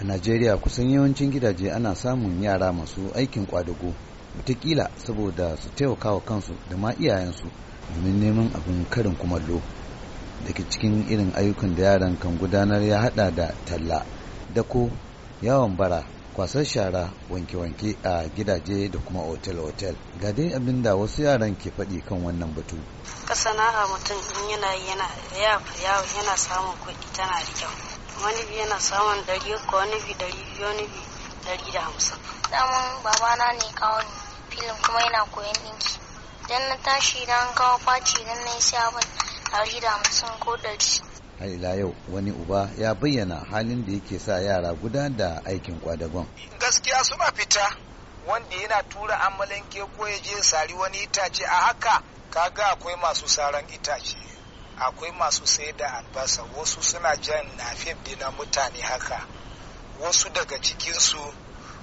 a najeriya kusan yawancin gidaje ana samun yara masu aikin kwadago watakila saboda su taimaka wa kansu da ma iyayensu domin neman abin karin kumallo daga cikin irin ayyukan da yaran kan gudanar ya hada da talla dako yawon bara kwasar shara wanke-wanke a gidaje da kuma otel-otel ga dai abin da wasu yaran ke faɗi kan wannan batu ka sana'a mutum yana yana samun kuɗi tana da kyau wani biyu yana samun dari ko wani bi dari biyu wani bi dari da hamsin. Daman babana ne kawo filin kuma yana koyon ɗinki. Idan na tashi idan kawo faci idan na yi sai abin dari da hamsin ko dari. Har ila yau wani uba ya bayyana halin da yake sa yara guda da aikin kwadagon. Gaskiya suna fita wanda yana tura amalanke ko ya sari wani itace a haka kaga akwai masu saran itace. akwai masu sai da albasa wasu suna jan nafef dina mutane haka wasu daga cikinsu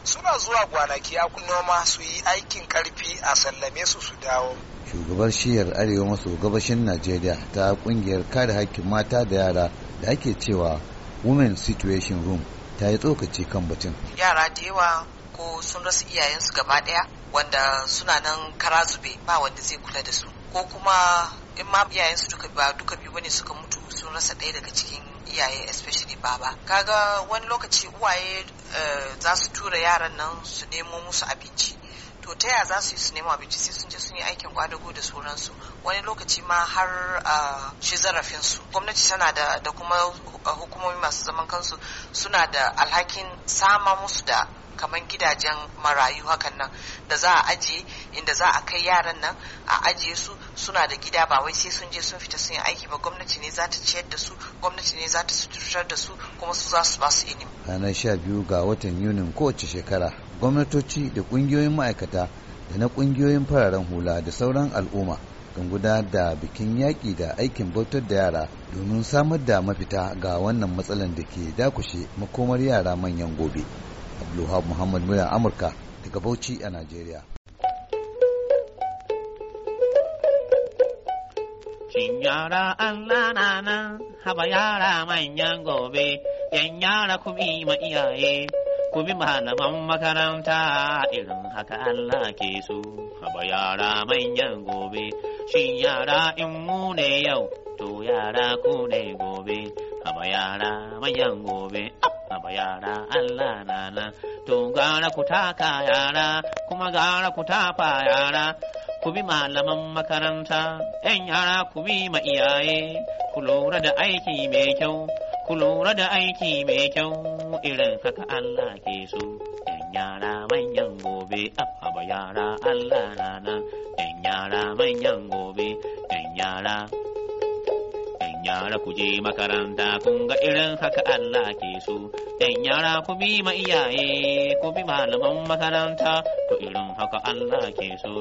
suna zuwa gwanaki a noma su yi aikin karfi a sallame su su dawo shugabar shiyar arewa maso gabashin najeriya ta kungiyar kare hakkin mata da yara da ake cewa women situation room ta yi tsokaci kan batun yara da yawa ko sun rasu iyayensu gaba daya wanda suna nan kara zube ba wanda zai kula da su ko kuma in ma iyayensu duka ba duka biyu bane suka mutu sun rasa ɗaya daga cikin iyaye especially baba kaga wani lokaci uwaye eh, za su tura yaran nan su nemo musu abinci to ta yaya za su yi su nemo abinci sai sun je sun yi aikin kwadago da sauransu wani lokaci ma har ah, shi zarafin su gwamnati tana da da kuma hukumomi masu zaman kansu suna da alhakin sama musu da kamar gidajen marayu hakan nan da za a ajiye inda za a kai yaran nan a ajiye su suna da gida ba wai sai sun je sun fita sun yi aiki ba gwamnati ne za ta ciyar da su gwamnati ne za ta suturar da su kuma su za su ba ilimi ranar sha biyu ga watan yunin kowace shekara gwamnatoci da kungiyoyin ma'aikata da na kungiyoyin fararen hula da sauran al'umma kan gudanar da bikin yaƙi da aikin bautar da yara domin samar da mafita ga wannan matsalar da ke dakushe makomar yara manyan gobe. Abdulwahab Muhammad muya Amurka daga Bauchi a Najeriya. Shin yara Allah na nan haba yara manyan gobe, yan yara ku ma iyaye, ku bi malaman makaranta irin haka Allah ke so. Haba yara manyan gobe, shin yara in mu ne yau, to yara ku ne gobe. abayara mayan gobe Allah na to gara ku taka yara kuma gara ku tafa yara ku bi malaman makaranta yan yara ku bi ma iyaye ku lura da aiki mai kyau ku lura da aiki mai kyau irin haka Allah ke so yan yara manyan gobe abayara Allah na yan yara manyan gobe yan yara Yara ku je makaranta kun ga irin haka Allah ke so, ‘yan yara ku bi ma iyaye ku bi malaman makaranta, to irin haka Allah ke so.